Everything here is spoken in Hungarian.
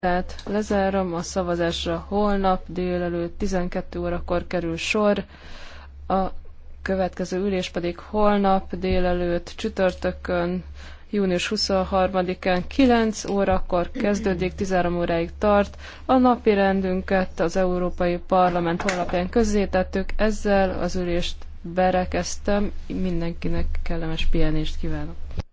tehát lezárom a szavazásra holnap délelőtt 12 órakor kerül sor. A következő ülés pedig holnap délelőtt csütörtökön, június 23-án 9 órakor kezdődik, 13 óráig tart. A napi rendünket az Európai Parlament honlapján közzétettük, ezzel az ülést berekeztem. Mindenkinek kellemes pihenést kívánok!